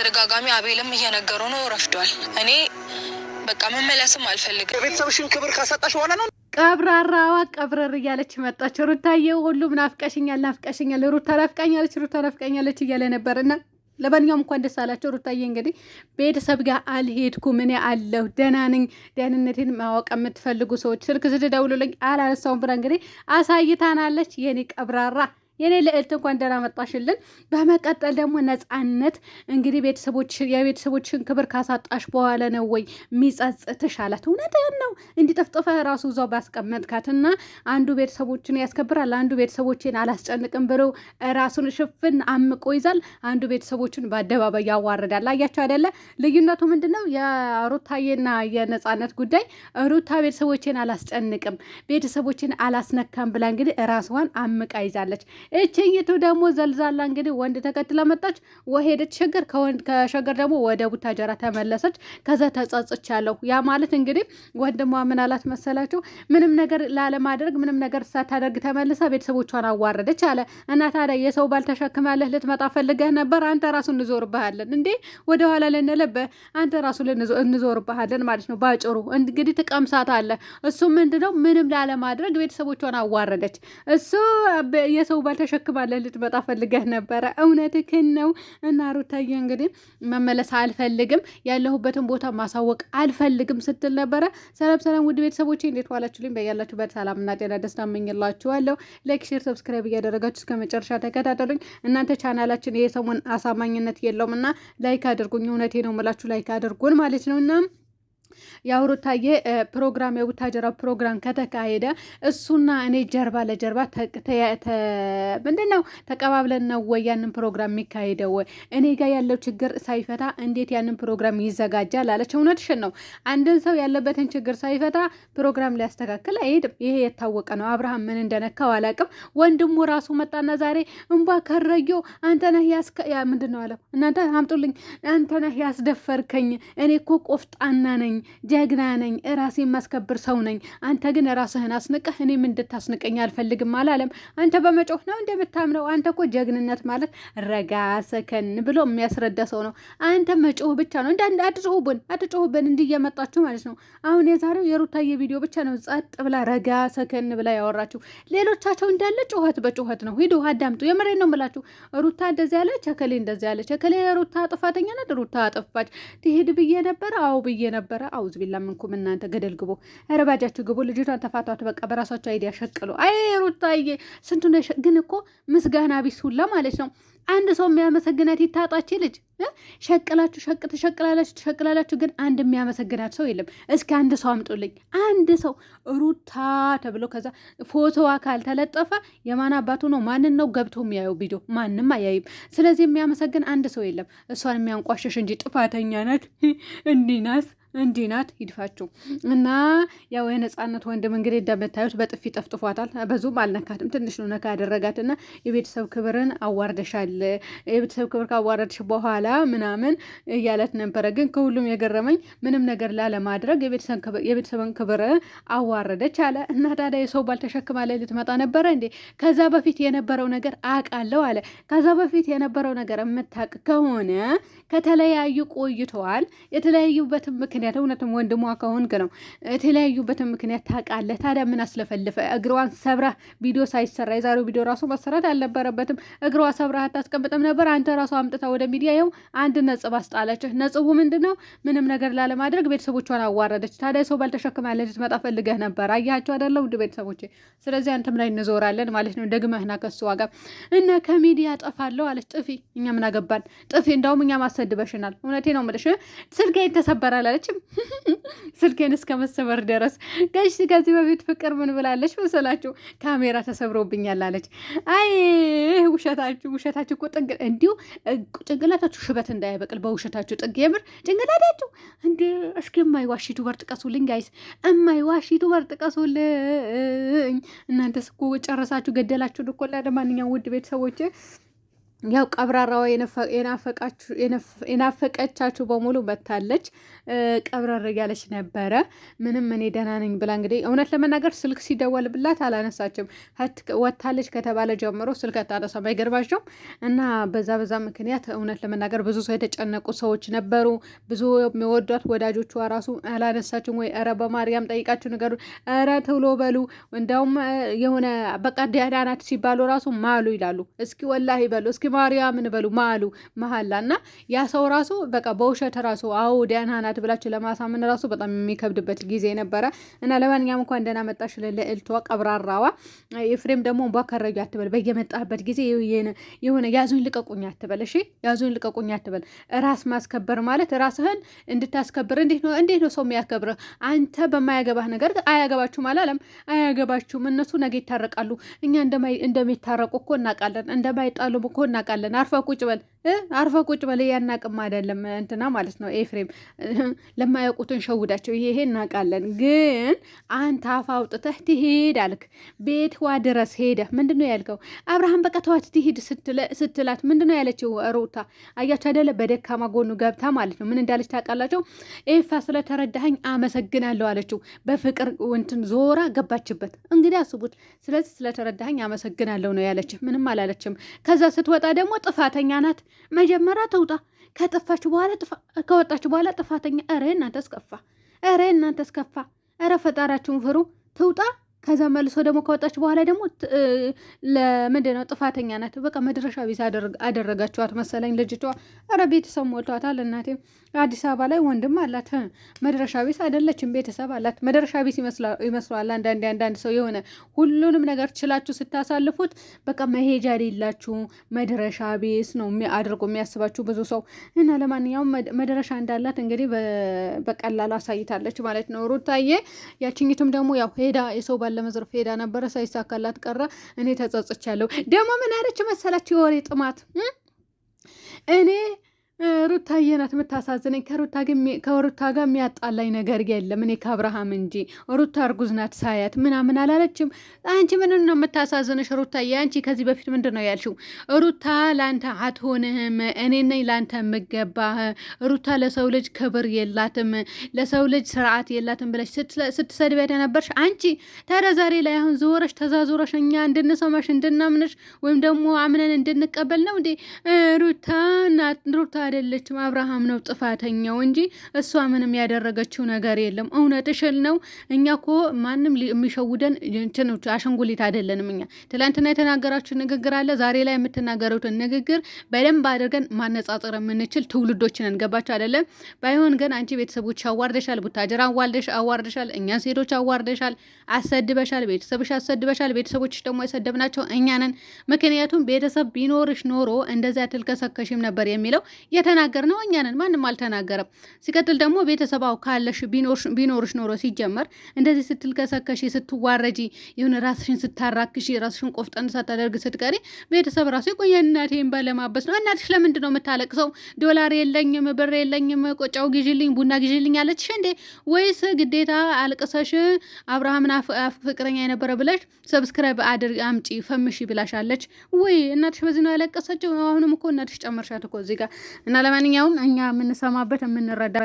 በተደጋጋሚ አቤልም እየነገሩ ነው ረፍዷል። እኔ በቃ መመለስም አልፈልግም። የቤተሰብሽን ክብር ካሰጣሽ በኋላ ነው ቀብራራዋ ቀብረር እያለች መጣች። ሩታዬ ሁሉም ናፍቀሽኛል፣ ናፍቀሽኛል፣ ሩታ ናፍቃኛለች፣ ሩታ ናፍቃኛለች እያለ ነበርና ለማንኛውም እንኳን ደስ አላቸው። ሩታዬ እንግዲህ ቤተሰብ ጋር አልሄድኩም እኔ አለሁ ደህና ነኝ። ደህንነቴን ማወቅ የምትፈልጉ ሰዎች ስልክ ስደውሉልኝ አላነሳውም ብላ እንግዲህ አሳይታናለች። የኔ ቀብራራ የኔ ልዕልት እንኳን ደህና መጣሽልን። በመቀጠል ደግሞ ነፃነት እንግዲህ ቤተሰቦች የቤተሰቦችን ክብር ካሳጣሽ በኋላ ነው ወይ ሚጸጽትሽ አላት። እውነትህን ነው እንዲጠፍጥፈህ ራሱ እዛው ባስቀመጥካትና አንዱ ቤተሰቦችን ያስከብራል፣ አንዱ ቤተሰቦችን አላስጨንቅም ብሎ ራሱን ሽፍን አምቆ ይዛል፣ አንዱ ቤተሰቦችን በአደባባይ ያዋርዳል። አያቸው አይደለ ልዩነቱ ምንድን ነው? የሩታዬና የነፃነት ጉዳይ ሩታ ቤተሰቦችን አላስጨንቅም፣ ቤተሰቦችን አላስነካም ብላ እንግዲህ ራስዋን አምቃ ይዛለች። እችኝቱ ደግሞ ዘልዛላ እንግዲህ ወንድ ተከትላ መጣች። ወሄደች ሸገር፣ ከሸገር ደግሞ ወደ ቡታጀራ ተመለሰች። ከዛ ተጸጽቻለሁ። ያ ማለት እንግዲህ ወንድሟ ምን አላት መሰላችሁ? ምንም ነገር ላለማድረግ ምንም ነገር ሳታደርግ ተመልሳ ቤተሰቦቿን አዋረደች አለ እና ታዲያ የሰው ባል ተሸክማለህ ልትመጣ ፈልገህ ነበር። አንተ ራሱ እንዞርብሃለን እንዴ ወደኋላ ልንለበ አንተ ራሱ እንዞርብሃለን ማለት ነው። ባጭሩ እንግዲህ ትቀምሳት አለ። እሱ ምንድነው ምንም ላለማድረግ ቤተሰቦቿን አዋረደች። እሱ የሰው ባል ተሸክማለህ ልትመጣ ፈልገህ ነበረ። እውነትህን ነው። እና ሩታዬ እንግዲህ መመለስ አልፈልግም፣ ያለሁበትን ቦታ ማሳወቅ አልፈልግም ስትል ነበረ። ሰላም ሰላም፣ ውድ ቤተሰቦች እንዴት ዋላችሁልኝ? በያላችሁበት ሰላምና ጤና ደስታ እመኝላችኋለሁ። ላይክ፣ ሼር፣ ሰብስክራይብ እያደረጋችሁ እስከ መጨረሻ ተከታተሉኝ። እናንተ ቻናላችን ይሄ ሰሞን አሳማኝነት የለውም እና ላይክ አድርጉኝ። እውነቴ ነው የምላችሁ ላይክ አድርጉን ማለት ነው እና ያው ሩታዬ ፕሮግራም የቡታጀራ ፕሮግራም ከተካሄደ እሱና እኔ ጀርባ ለጀርባ ምንድን ነው ተቀባብለን ነው ወይ ያንን ፕሮግራም የሚካሄደው? እኔ ጋር ያለው ችግር ሳይፈታ እንዴት ያንን ፕሮግራም ይዘጋጃል? አለች። እውነትሽን ነው። አንድን ሰው ያለበትን ችግር ሳይፈታ ፕሮግራም ሊያስተካክል አይሄድም። ይሄ የታወቀ ነው። አብርሃም ምን እንደነካው አላውቅም። ወንድሙ ራሱ መጣና ዛሬ እንባ ከረዮ አንተነህ ምንድን ነው አለው። እናንተ አምጡልኝ፣ አንተነህ ያስደፈርከኝ፣ እኔ እኮ ቆፍጣና ነኝ ጀግና ነኝ፣ ራሴን የማስከብር ሰው ነኝ። አንተ ግን ራስህን አስንቀህ እኔም እንድታስንቀኝ አልፈልግም አላለም። አንተ በመጮህ ነው እንደምታምነው። አንተ እኮ ጀግንነት ማለት ረጋ ሰከን ብሎ የሚያስረዳ ሰው ነው። አንተ መጮህ ብቻ ነው። እንደ አትጮሁብን፣ አትጮሁብን ማለት ነው። አሁን የዛሬው የሩታዬ ቪዲዮ ብቻ ነው ጸጥ ብላ ረጋ ሰከን ብላ ያወራችሁ። ሌሎቻቸው እንዳለ ጩኸት በጩኸት ነው። ሂዱ አዳምጡ። የምሬን ነው የምላችሁ። ሩታ እንደዚህ ያለች እከሌ እንደዚህ ያለች እከሌ ሩታ ጥፋተኛ ናት፣ ሩታ አጠፋች። ትሄድ ብዬ ነበረ፣ አዎ ብዬ ነበረ አውዝ ቢላ ምንኩም እናንተ ገደል ግቦ ረባጃችሁ ግቦ ልጅቷን ተፋቷት። በቃ በራሳቸው አይዲ ያሸቅሉ። አይ ሩታዬ ስንቱ ግን እኮ ምስጋና ቢስ ሁላ ማለት ነው። አንድ ሰው የሚያመሰግናት ይታጣች ልጅ ሸቅላችሁ ሸቅ ተሸቅላላችሁ ተሸቅላላችሁ፣ ግን አንድ የሚያመሰግናት ሰው የለም። እስኪ አንድ ሰው አምጡልኝ፣ አንድ ሰው ሩታ ተብሎ ከዛ ፎቶዋ ካልተለጠፈ የማን አባቱ ነው? ማንን ነው ገብቶ የሚያየው? ቪዲዮ ማንም አያይም። ስለዚህ የሚያመሰግን አንድ ሰው የለም። እሷን የሚያንቋሸሽ እንጂ ጥፋተኛ ናት እንዲናስ እንዲህ ናት ይድፋችሁ እና ያው የነጻነት ወንድም እንግዲህ እንደምታዩት በጥፊ ጠፍጥፏታል። በዙም አልነካትም። ትንሽ ነው ነካ ያደረጋት። ያደረጋትና የቤተሰብ ክብርን አዋርደሻል፣ የቤተሰብ ክብር ካዋረድሽ በኋላ ምናምን እያለት ነበረ። ግን ከሁሉም የገረመኝ ምንም ነገር ላለማድረግ የቤተሰብን ክብር አዋረደች አለ እና ታዲያ የሰው ባል ተሸክማ ላይ ልትመጣ ነበረ እንዴ? ከዛ በፊት የነበረው ነገር አውቃለሁ አለ። ከዛ በፊት የነበረው ነገር የምታውቅ ከሆነ ከተለያዩ ቆይተዋል። የተለያዩበትን ምክንያት ምክንያት እውነትም ወንድሟ ከሆንክ ነው የተለያዩበትን ምክንያት ታውቃለህ። ታዲያ ምን አስለፈልፈ? እግሯን ሰብራ ቪዲዮ ሳይሰራ የዛሬው ቪዲዮ ራሱ መሰራት አልነበረበትም። እግሯ ሰብራ አታስቀምጥም ነበር። አንተ ራሱ አምጥታ ወደ ሚዲያ ይኸው አንድ ነጽብ አስጣለችህ። ነጽቡ ምንድን ነው? ምንም ነገር ላለማድረግ ቤተሰቦቿን አዋረደች። ታዲያ ሰው ባልተሸክማ ልትመጣ ፈልገህ ነበር። አያቸው አይደለም ውድ ቤተሰቦቼ። ስለዚህ አንተም ላይ እንዞራለን ማለት ነው። ደግመህና ከሱ ዋጋ እነ ከሚዲያ ጠፋለሁ አለች። ጥፊ እኛ ምን አገባን? ጥፊ እንዳውም እኛ ማሰድበሽናል። እውነቴ ነው የምልሽ ስልኬን ተሰበራል አለች። አልሰማችም? ስልኬን እስከ መሰበር ድረስ ጋሽ ከዚህ በፊት ፍቅር ምን ብላለች መሰላችሁ? ካሜራ ተሰብሮብኛል አለች። አይ ውሸታችሁ ውሸታችሁ እኮ ጥግ እንዲሁ ጭንቅላታችሁ ሽበት እንዳይበቅል በውሸታችሁ ጥግ የምር ጭንቅላታችሁ እንዲ እስኪ የማይዋሽ ዩቱበር ጥቀሱልኝ ጋይስ፣ የማይዋሽ ዩቱበር ጥቀሱልኝ። እናንተስ እኮ ጨረሳችሁ ገደላችሁ ድኮላ። ለማንኛውም ውድ ቤተሰቦች ያው ቀብራራዋ የናፈቀቻችሁ በሙሉ መታለች። ቀብራር ያለች ነበረ። ምንም እኔ ደህና ነኝ ብላ እንግዲህ እውነት ለመናገር ስልክ ሲደወልብላት አላነሳችም። ወታለች ከተባለ ጀምሮ ስልክ አታነሳም። አይገርማችሁም? እና በዛ በዛ ምክንያት እውነት ለመናገር ብዙ ሰው የተጨነቁ ሰዎች ነበሩ። ብዙ የሚወዷት ወዳጆቿ ራሱ አላነሳችም ወይ ኧረ በማርያም ጠይቃችሁ ነገሩ፣ ኧረ ቶሎ በሉ። እንደውም የሆነ በቃ ደህና ናት ሲባሉ ራሱ ማሉ ይላሉ። እስኪ ወላሂ በሉ እስኪ ማርያምን በሉ ማሉ መሀላ እና ያ ሰው ራሱ በቃ በውሸት ራሱ አዎ ደህና ናት ብላችሁ ለማሳመን ራሱ በጣም የሚከብድበት ጊዜ ነበረ እና ለማንኛውም እንኳን ደህና መጣሽ ልዕልቷ ቀብራራዋ። ኤፍሬም ደግሞ እንቧ አትበል፣ በየመጣበት ጊዜ የሆነ ያዙኝ ልቀቁኝ አትበል። እሺ ያዙኝ ልቀቁኝ አትበል። ራስ ማስከበር ማለት ራስህን እንድታስከብር እንዴት ነው እንዴት ነው ሰው የሚያከብርህ? አንተ በማያገባህ ነገር አያገባችሁም አላለም? አያገባችሁም። እነሱ ነገ ይታረቃሉ። እኛ እንደሚታረቁ እኮ እናውቃለን፣ እንደማይጣሉም እኮ እናውቃለን። እናውቃለን። አርፈ ቁጭ በል አርፈ ቁጭ በለ ያናቅም አይደለም እንትና ማለት ነው። ኤፍሬም ለማያውቁትን ሸውዳቸው ይሄ እናውቃለን፣ ግን አንተ አፍ አውጥተህ ትሄድ አልክ። ቤትዋ ድረስ ሄደ ምንድን ነው ያልከው? አብርሃም በቃ ተዋት ትሄድ ስትላት ምንድን ነው ያለችው? ሩታ አያችሁ አይደለ በደካማ ጎኑ ገብታ ማለት ነው። ምን እንዳለች ታውቃላችሁ? ኤፋ ስለተረዳኸኝ አመሰግናለሁ አለችው። በፍቅር እንትን ዞራ ገባችበት። እንግዲህ አስቡት። ስለዚህ ስለተረዳኸኝ አመሰግናለሁ ነው ያለች። ምንም አላለችም። ከዛ ስትወጣ ደግሞ ጥፋተኛ ናት መጀመሪያ ተውጣ ከጠፋች በኋላ ከወጣች በኋላ ጥፋተኛ። ኧረ እናንተ አስከፋ፣ ኧረ እናንተ አስከፋ፣ ኧረ ፈጣራችሁን ፍሩ። ትውጣ ከዛ መልሶ ደግሞ ከወጣች በኋላ ደግሞ ለምንድን ነው ጥፋተኛ ናት። በቃ መድረሻ ቢስ አደረጋችኋት መሰለኝ ልጅቷ። ኧረ ቤተሰብ ሞልቷታል። እናቴ አዲስ አበባ ላይ ወንድም አላት። መድረሻ ቢስ አይደለችም፣ ቤተሰብ አላት። መድረሻ ቢስ ይመስለዋል አንዳንዴ አንዳንድ ሰው የሆነ ሁሉንም ነገር ችላችሁ ስታሳልፉት በቃ መሄጃ ሌላችሁ መድረሻ ቢስ ነው አድርጎ የሚያስባችሁ ብዙ ሰው እና ለማንኛውም መድረሻ እንዳላት እንግዲህ በቀላል አሳይታለች ማለት ነው ሩታዬ። ያችኝቱም ደግሞ ያው ሄዳ የሰው ባል ለመዝረፍ ሄዳ ነበረ፣ ሳይሳካላት ቀረ። እኔ ተጸጽቻለሁ። ደግሞ ምን አለች መሰላችሁ? የወሬ ጥማት እኔ ሩታዬ ናት የምታሳዝነኝ። ከሩታ ጋር የሚያጣላኝ ነገር የለም እኔ ከአብርሃም እንጂ። ሩታ እርጉዝ ናት ሳያት ምናምን አላለችም። አንቺ ምን ነው የምታሳዝንሽ ሩታዬ? የአንቺ ከዚህ በፊት ምንድን ነው ያልሽው? ሩታ ለአንተ አትሆንህም፣ እኔ ነኝ ለአንተ የምገባህ። ሩታ ለሰው ልጅ ክብር የላትም፣ ለሰው ልጅ ስርዓት የላትም ብለሽ ስትሰድቢያት የነበርሽ አንቺ ታዲያ ዛሬ ላይ አሁን ዞረሽ ተዛዞረሽ እኛ እንድንሰማሽ እንድናምንሽ ወይም ደግሞ አምነን እንድንቀበል ነው እንዴ ሩታ አይደለችም፣ አብርሃም ነው ጥፋተኛው እንጂ እሷ ምንም ያደረገችው ነገር የለም። እውነትሽን ነው። እኛ እኮ ማንም የሚሸውደን እንትኖች አሸንጉሊት አይደለንም። እኛ ትላንትና የተናገራችሁ ንግግር አለ፣ ዛሬ ላይ የምትናገሩትን ንግግር በደንብ አድርገን ማነጻጸር የምንችል ትውልዶችን እንገባቸው አይደለም። ባይሆን ግን አንቺ ቤተሰቦች አዋርደሻል፣ ቡታጀራ አዋርደሽ አዋርደሻል፣ እኛን ሴቶች አዋርደሻል፣ አሰድበሻል፣ ቤተሰብሽ አሰድበሻል። ቤተሰቦች ደግሞ የሰደብናቸው እኛ ነን። ምክንያቱም ቤተሰብ ቢኖርሽ ኖሮ እንደዚያ ትልከሰከሽም ነበር የሚለው የተናገርነው ነው እኛንን ማንም አልተናገረም። ሲቀጥል ደግሞ ቤተሰባው ካለሽ ቢኖርሽ ኖሮ ሲጀመር እንደዚህ ስትልከሰከሽ ስትዋረጂ፣ የሆነ ራስሽን ስታራክሽ፣ ራስሽን ቆፍጠን ሳታደርግ ስትቀሪ ቤተሰብ ራሱ ቆየ እናቴን ባለማበስ ነው። እናትሽ ለምንድን ነው የምታለቅሰው? ዶላር የለኝም ብር የለኝም ቆጫው ጊዥልኝ ቡና ጊዥልኝ አለችሽ እንዴ? ወይስ ግዴታ አልቅሰሽ አብርሃምን ፍቅረኛ የነበረ ብለሽ ሰብስክራይብ አድርግ አምጪ ፈምሺ ብላሻለች ወይ? እናትሽ በዚህ ነው ያለቀሰችው። አሁንም እኮ እናትሽ ጨመርሻት እኮ እዚህ ጋር እና ለማንኛውም እኛ የምንሰማበት የምንረዳ